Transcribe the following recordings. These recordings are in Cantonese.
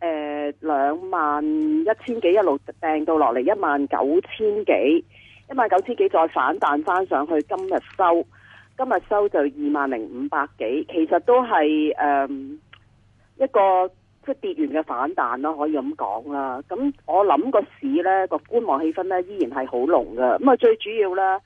誒、呃，兩萬一千幾一路掟到落嚟一萬九千幾，一萬九千幾再反彈翻上去，今日收今日收就二萬零五百幾，其實都係誒、呃、一個即係、就是、跌完嘅反彈啦，可以咁講啦。咁我諗個市呢個觀望氣氛呢，依然係好濃㗎，咁啊最主要呢？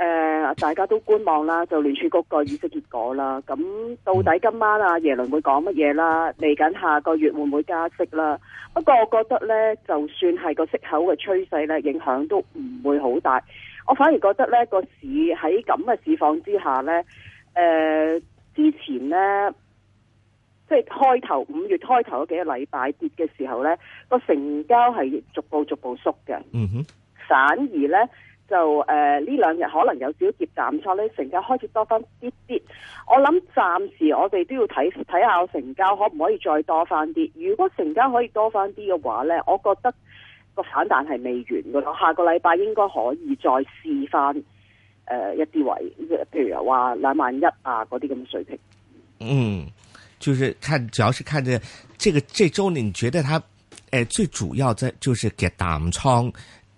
誒、呃，大家都觀望啦，就聯儲局個議息結果啦。咁到底今晚阿、啊、耶倫會講乜嘢啦？嚟緊下個月會唔會加息啦？不過我覺得呢，就算係個息口嘅趨勢呢，影響都唔會好大。我反而覺得呢個市喺咁嘅市況之下呢，誒、呃，之前呢，即、就、係、是、開頭五月開頭嗰幾個禮拜跌嘅時候呢，個成交係逐步逐步縮嘅。嗯哼，反而呢。就誒呢、呃、兩日可能有少少挾淡倉咧，成交開始多翻啲啲。我諗暫時我哋都要睇睇下成交可唔可以再多翻啲。如果成交可以多翻啲嘅話咧，我覺得個反彈係未完噶咯。下個禮拜應該可以再試翻誒一啲位，譬如話兩萬一啊嗰啲咁嘅水平。嗯，就是看，主要是看在這個這周，你覺得它誒、呃、最主要在就是挾淡倉。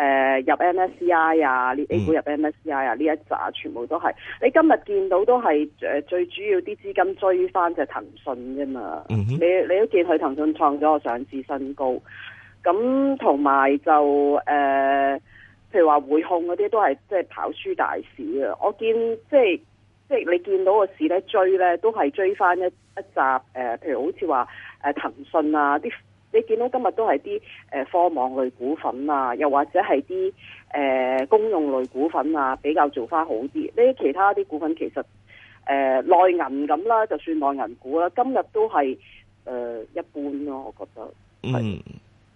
誒、呃，入 MSCI 啊，呢 A 股入 MSCI 啊，呢、嗯、一扎全部都係，你今日見到都係誒、呃、最主要啲資金追翻隻騰訊啫嘛、嗯。你你都見佢騰訊創咗個上市新高，咁同埋就誒、呃，譬如話匯控嗰啲都係即係跑輸大市啊。我見即係即係你見到個市咧追咧，都係追翻一一集誒、呃，譬如好似話誒騰訊啊啲。你見到今日都係啲誒科網類股份啊，又或者係啲誒公用類股份啊，比較做返好啲。呢其他啲股份其實誒內、呃、銀咁啦，就算內銀股啦，今日都係誒、呃、一般咯，我覺得。嗯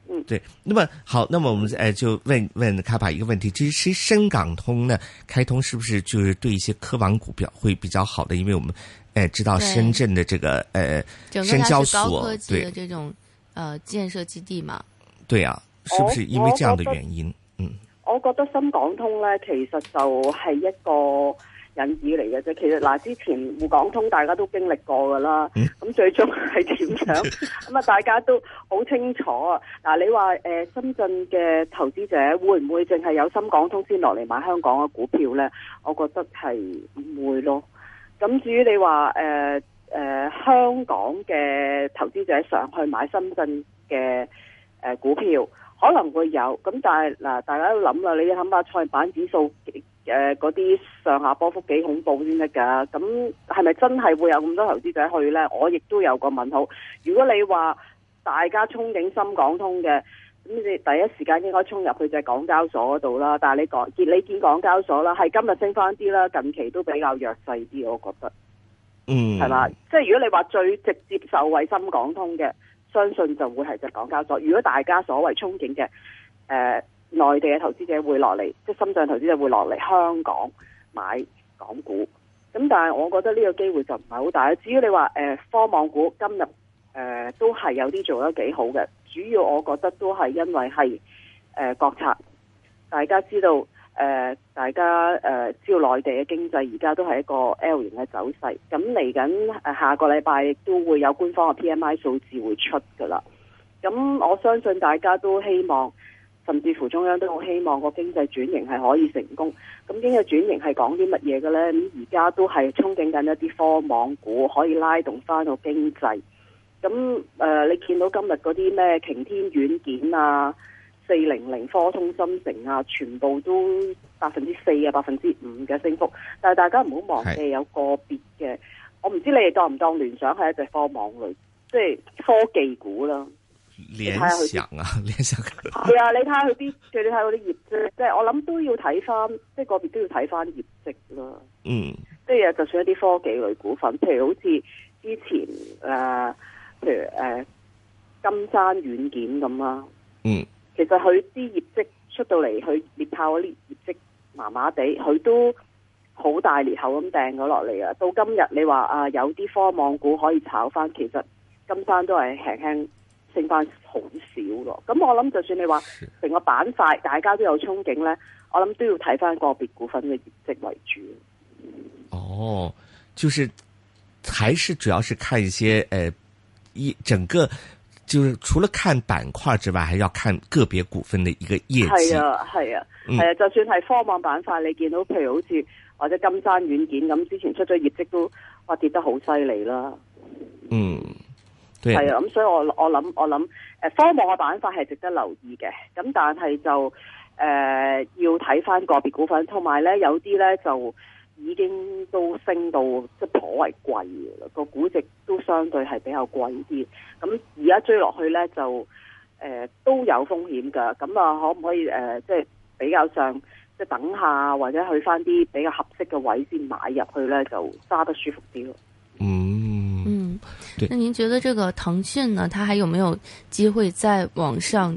嗯，對。那麼好，那麼我們就問問卡巴一個問題，其實深港通呢，開通是不是就是對一些科網股票會比較好的？因為我們誒、呃、知道深圳的這個誒深交所對、呃誒，建設基地嘛？對啊，是不是因為這樣的原因？嗯，我覺得深港通咧，其實就係一個引子嚟嘅啫。其實嗱，之前滬港通大家都經歷過噶啦，咁、嗯、最終係點樣？咁啊，大家都好清楚。嗱，你話誒，深圳嘅投資者會唔會淨係有深港通先落嚟買香港嘅股票咧？我覺得係唔會咯。咁至於你話誒，呃誒、呃，香港嘅投資者上去買深圳嘅、呃、股票，可能會有咁，但係嗱，大家都諗啦，你諗下菜板指數，誒嗰啲上下波幅幾恐怖先得㗎？咁係咪真係會有咁多投資者去呢？我亦都有個問號。如果你話大家憧憬深港通嘅，咁你第一時間應該衝入去就係港交所嗰度啦。但係你你見港交所啦，係今日升翻啲啦，近期都比較弱勢啲，我覺得。嗯，係嘛，即係如果你話最直接受惠深港通嘅，相信就會係隻港交所。如果大家所謂憧憬嘅，誒、呃、內地嘅投資者會落嚟，即係深圳投資者會落嚟香港買港股。咁但係我覺得呢個機會就唔係好大。至於你話誒、呃、科網股今日誒、呃、都係有啲做得幾好嘅，主要我覺得都係因為係誒、呃、國策。大家知道。誒、呃，大家誒，知道內地嘅經濟而家都係一個 L 型嘅走勢，咁嚟緊下個禮拜都會有官方嘅 PMI 數字會出噶啦。咁我相信大家都希望，甚至乎中央都好希望個經濟轉型係可以成功。咁經濟轉型係講啲乜嘢嘅呢？咁而家都係憧憬緊一啲科網股可以拉動翻個經濟。咁誒、呃，你見到今日嗰啲咩擎天軟件啊，四零零科通芯城啊，全部都百分之四啊，百分之五嘅升幅。但係大家唔好忘記有個別嘅，我唔知你哋當唔當聯想係一隻科網類，即係科技股啦。聯想啊，聯想係啊，啊，你睇下佢啲，你睇下啲業績，即係我諗都要睇翻，即係個別都要睇翻業績啦。嗯，即係就算一啲科技類股份，譬如好似之前誒、啊，譬如誒、啊、金山軟件咁啦，嗯。其實佢啲業績出到嚟，佢獵豹嗰啲業績麻麻地，佢都好大裂口咁掟咗落嚟啊！到今日你話啊有啲科網股可以炒翻，其實金山都係輕輕升翻好少咯。咁我諗，就算你話成個板塊大家都有憧憬咧，我諗都要睇翻個別股份嘅業績為主。哦，就是還是主要是看一些誒一、呃、整個。就是除了看板塊之外，還要看個別股份的一個業績。係啊，係啊，係、嗯、啊，就算係科網板塊，你見到譬如好似或者金山軟件咁，之前出咗業績都哇跌得好犀利啦。嗯，係啊，咁所以我我諗我諗誒科網嘅板塊係值得留意嘅，咁但係就誒、呃、要睇翻個別股份，同埋呢有啲呢就。已經都升到即係頗為貴嘅，個估值都相對係比較貴啲。咁而家追落去呢，就誒、呃、都有風險㗎。咁、嗯、啊，可唔可以誒、呃、即係比較上即係等下或者去返啲比較合適嘅位先買入去呢，就揸得舒服啲咯。嗯嗯，對，那您覺得這個騰訊呢，它還有沒有機會再往上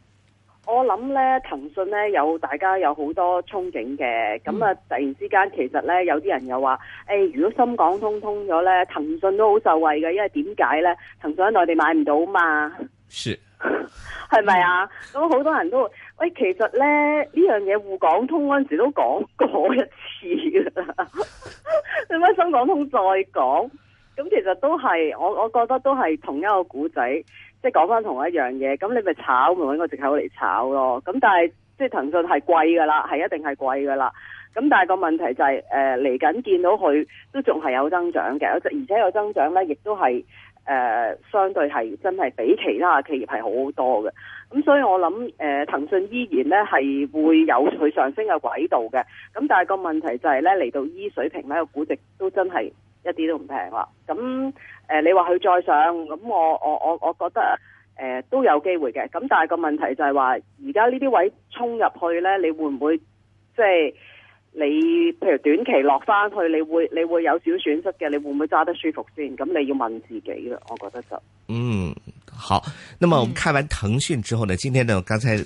我諗咧，騰訊咧有大家有好多憧憬嘅，咁啊，突然之間其實咧，有啲人又話，誒、欸，如果深港通通咗咧，騰訊都好受惠嘅，因為點解咧？騰訊喺內地買唔到嘛？是，係 咪啊？咁、嗯、好多人都，喂、欸，其實咧呢呢樣嘢滬港通嗰陣時都講過一次啦，點 解深港通再講？其實都係，我我覺得都係同一個古仔，即係講翻同一樣嘢。咁你咪炒咪搵個借口嚟炒咯。咁但係即係騰訊係貴噶啦，係一定係貴噶啦。咁但係個問題就係，誒嚟緊見到佢都仲係有增長嘅，而且有增長咧，亦都係誒、呃、相對係真係比其他企業係好多嘅。咁所以我諗，誒騰訊依然咧係會有佢上升嘅軌道嘅。咁但係個問題就係咧嚟到呢水平咧、個估值都真係。一啲都唔平啦，咁誒、呃，你話佢再上，咁我我我我覺得誒、呃、都有機會嘅，咁但係個問題就係話，而家呢啲位衝入去咧，你會唔會即係你，譬如短期落翻去，你會你會有少損失嘅，你會唔會揸得舒服先？咁你要問自己啦，我覺得就嗯好。那麼我們看完騰訊之後呢、嗯？今天呢，剛才誒，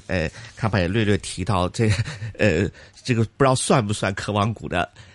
卡、呃、Kappa 也略略提到、這個，這、呃、誒，這個不知道算不算科網股的。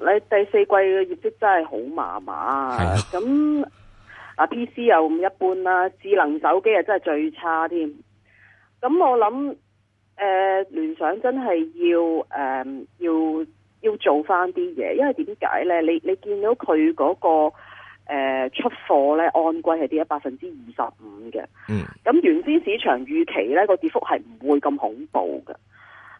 你第四季嘅業績真係好麻麻，咁啊 PC 又唔一般啦，智能手機啊真係最差添。咁我諗誒聯想真係要誒、呃、要要做翻啲嘢，因為點解咧？你你見到佢嗰、個誒、呃、出貨咧按季係跌咗百分之二十五嘅，咁、嗯、原先市場預期咧個跌幅係唔會咁恐怖嘅，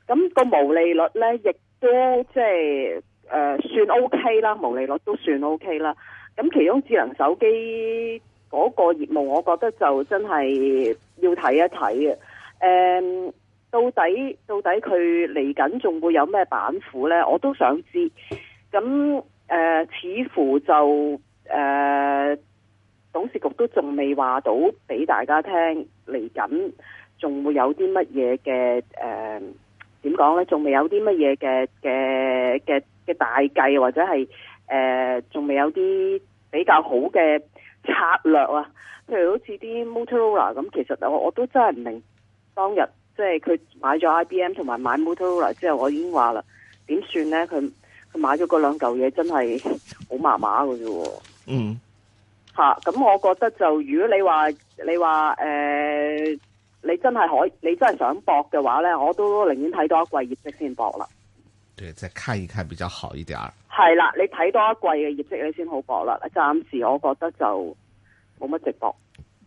咁、個毛利率咧亦都即係。誒、呃，算 OK 啦，毛利率都算 OK 啦。咁其中智能手機嗰個業務，我覺得就真係要睇一睇嘅。誒、嗯，到底到底佢嚟緊仲會有咩板斧呢？我都想知。咁誒、呃，似乎就誒、呃，董事局都仲未話到俾大家聽，嚟緊仲會有啲乜嘢嘅誒？點、呃、講呢？仲未有啲乜嘢嘅嘅嘅？嘅大計或者係誒仲未有啲比較好嘅策略啊，譬如好似啲 Motorola 咁，其實我我都真係唔明當日即係佢買咗 IBM 同埋買 Motorola 之後，我已經話啦，點算咧？佢佢買咗嗰兩嚿嘢真係好麻麻嘅啫喎。嗯，嚇、啊、咁，那我覺得就如果你話你話誒、呃，你真係可以你真係想搏嘅話咧，我都寧願睇多一季業績先搏啦。對，再看一看比較好一點。係啦，你睇多一季嘅業績，你先好搏啦。暫時我覺得就冇乜值博。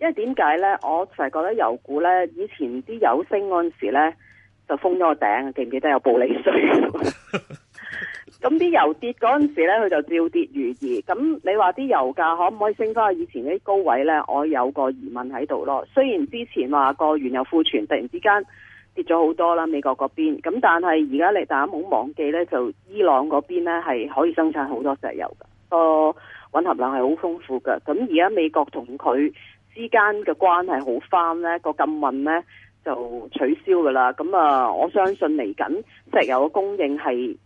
因為點解呢？我成日覺得油股呢，以前啲油升嗰陣時候呢就封咗個頂，記唔記得有暴利稅？咁 啲 油跌嗰陣時候呢佢就照跌如儀。咁你話啲油價可唔可以升翻去以前啲高位呢，我有個疑問喺度咯。雖然之前話個原油庫存突然之間跌咗好多啦，美國嗰邊，咁但係而家你大家唔好忘記呢，就伊朗嗰邊呢，係可以生產好多石油嘅，個混合量係好豐富噶。咁而家美國同佢，之間嘅關係好翻，呢個禁運呢就取消噶啦。咁啊，我相信嚟緊石油嘅供應係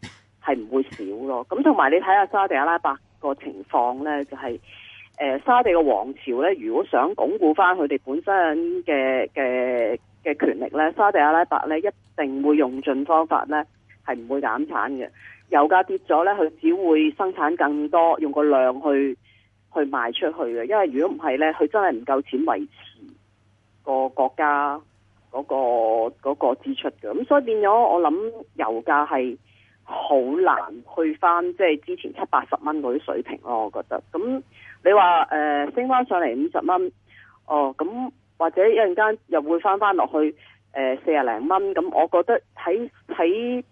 係唔會少咯。咁同埋你睇下沙地阿拉伯個情況呢，就係、是、誒、呃、沙地嘅王朝呢，如果想鞏固翻佢哋本身嘅嘅嘅權力呢，沙地阿拉伯呢一定會用盡方法呢，係唔會減產嘅。油價跌咗呢，佢只會生產更多，用個量去。去賣出去嘅，因為如果唔係呢，佢真係唔夠錢維持個國家嗰個嗰個支出嘅，咁所以變咗我諗油價係好難去翻即係之前七八十蚊嗰啲水平咯，我覺得咁你話誒升翻上嚟五十蚊，哦咁或者一陣間又會翻翻落去誒四廿零蚊，咁我覺得喺喺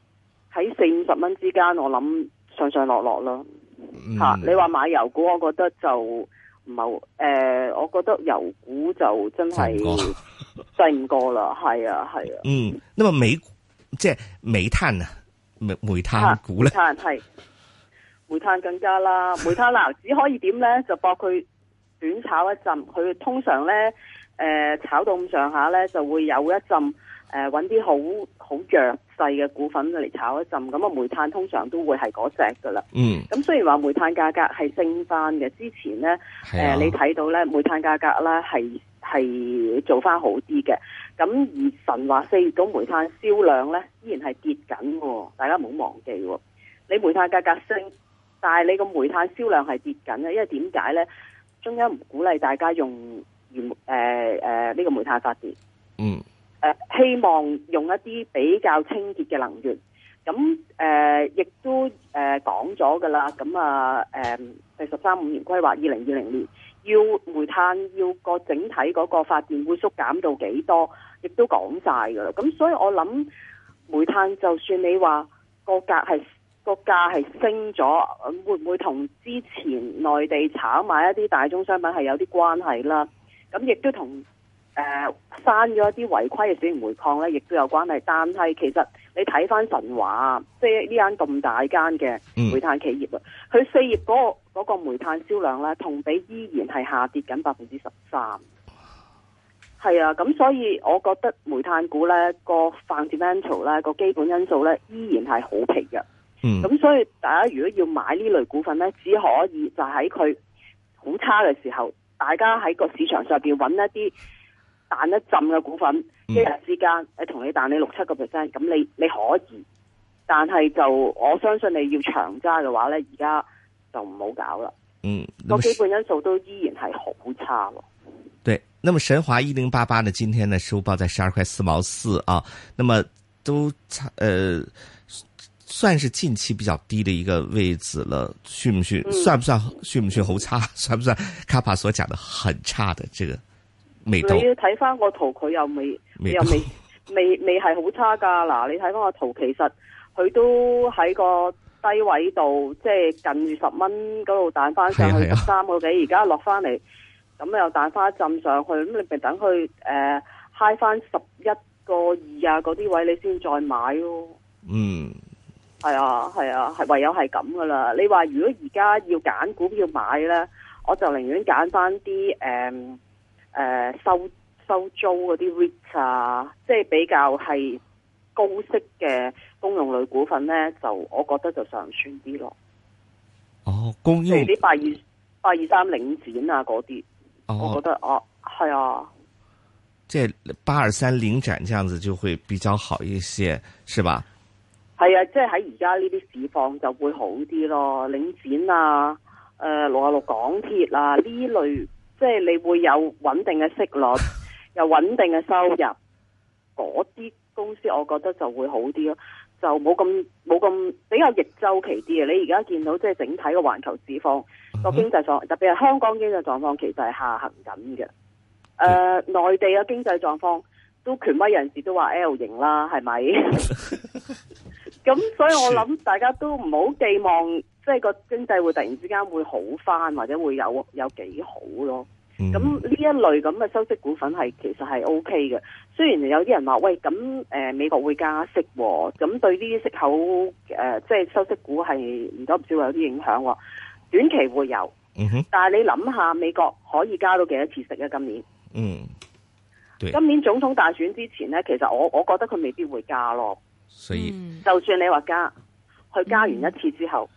喺四五十蚊之間，我諗上上落落咯。吓、嗯，你話買油股，我覺得就唔係，誒、呃，我覺得油股就真係細唔過啦，係啊，係啊。嗯，咁啊煤，即係煤炭啊，煤炭股咧、啊，煤炭係煤炭更加啦，煤炭啦， 只可以點咧，就搏佢短炒一陣，佢通常咧，誒、呃，炒到咁上下咧，就會有一陣。誒、呃，揾啲好好弱勢嘅股份嚟炒一陣，咁啊煤炭通常都會係嗰隻噶啦。嗯。咁雖然話煤炭價格係升翻嘅，之前咧誒、啊呃，你睇到咧煤炭價格咧係係做翻好啲嘅。咁而神話四月，咁煤炭銷量咧依然係跌緊喎，大家唔好忘記。你煤炭價格升，但係你個煤炭銷量係跌緊嘅，因為點解咧？中央唔鼓勵大家用原誒誒呢個煤炭發電。嗯、mm.。誒、呃，希望用一啲比較清潔嘅能源，咁誒亦都誒講咗噶啦，咁啊誒第十三五年規劃二零二零年要煤炭要個整體嗰個發電會縮減到幾多，亦都講曬噶啦。咁所以我諗煤炭就算你話個價係個價係升咗，會唔會同之前內地炒賣一啲大宗商品係有啲關係啦？咁亦都同。誒、呃，刪咗一啲違規嘅小型煤礦咧，亦都有關係。但係其實你睇翻神華，即係呢間咁大間嘅煤炭企業啊，佢、嗯、四月嗰、嗰個、嗰個煤炭銷量咧，同比依然係下跌緊百分之十三。係啊，咁所以我覺得煤炭股咧、嗰個 fundamental 咧、嗰個基本因素咧，依然係好平嘅。嗯，咁所以大家如果要買呢類股份咧，只可以就喺佢好差嘅時候，大家喺個市場上邊揾一啲。彈一浸嘅股份，一日之間，誒同你彈你六七個 percent，咁你你可以，但係就我相信你要長揸嘅話咧，而家就唔好搞啦。嗯，個基本因素都依然係好差咯。對，那麼神華一零八八呢？今天呢收報在十二塊四毛四啊，那麼都差，誒、呃，算是近期比較低的一個位置了，算唔算？算唔算？算唔算？好差，算唔算卡帕所講的很差的這個？你要睇翻個圖，佢又未，又未，未，未係好差噶。嗱，你睇翻個圖，其實佢都喺個低位度，即係近住十蚊嗰度彈翻上去十三個幾，而家落翻嚟，咁又彈翻浸上去，咁你咪等佢誒嗨翻十一個二啊嗰啲位，你先再買咯。嗯，係啊，係啊，係唯有係咁噶啦。你話如果而家要揀股票買咧，我就寧願揀翻啲誒。嗯誒、呃，收收租嗰啲 REIT 啊，即係比較係高息嘅公用類股份咧，就我覺得就尚算啲咯。哦，公用即啲八二八二三領展啊那些，嗰、哦、啲、哦，我覺得哦，係啊，啊，即係八二三領展這樣子就會比較好一些，是吧？係啊，即係喺而家呢啲市況就會好啲咯，領展啊，誒、呃，六啊六港鐵啊呢類。即係你會有穩定嘅息率，有穩定嘅收入，嗰啲公司我覺得就會好啲咯，就冇咁冇咁比較逆週期啲嘅。你而家見到即係整體嘅環球市況，個經濟狀特別係香港經濟狀況，其實係下行緊嘅。誒、呃，內地嘅經濟狀況都權威人士都話 L 型啦，係咪？咁 所以我諗大家都唔好寄望。即係個經濟會突然之間會好翻，或者會有有幾好咯。咁呢一類咁嘅收息股份係其實係 O K 嘅。雖然有啲人話喂，咁誒美國會加息，哦，咁對呢啲息口誒、呃、即係收息股係唔多唔少會有啲影響，哦。短期會有，嗯、但係你諗下美國可以加到幾多次息啊？今年，嗯，今年總統大選之前呢，其實我我覺得佢未必會加咯。所以，嗯、就算你話加，佢加完一次之後。嗯